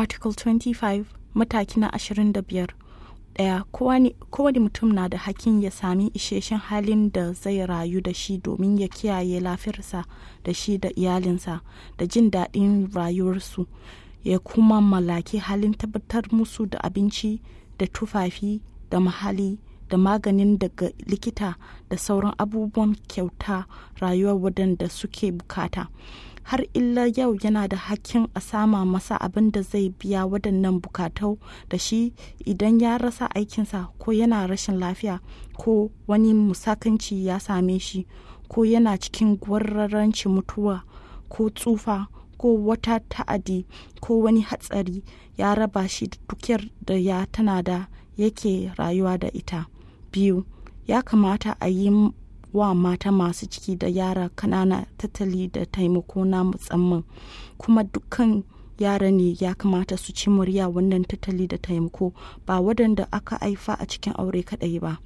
article 25 mataki na 25 daya kowane mutum na da hakin ya sami isheshen halin da zai rayu da shi domin ya kiyaye lafiyarsa da shi da iyalinsa da jin daɗin rayuwarsu ya kuma mallaki halin tabbatar musu da abinci da tufafi da mahali da maganin daga likita da sauran abubuwan kyauta rayuwar waɗanda suke bukata har illa yau yana da hakkin a sama masa abin da zai biya waɗannan bukatau da shi idan ya rasa aikinsa ko yana rashin lafiya ko wani musakanci ya same shi ko yana cikin gwararranci mutuwa ko tsufa ko wata ta'adi ko wani hatsari ya raba shi da dukiyar da ya tana da yake rayuwa da ita biyu ya kamata a yi wa mata masu ciki da yara kanana tattali da taimako na musamman kuma dukkan yara ne ya kamata su ci murya wannan tattali da taimako ba waɗanda aka haifa a cikin aure kaɗai ba.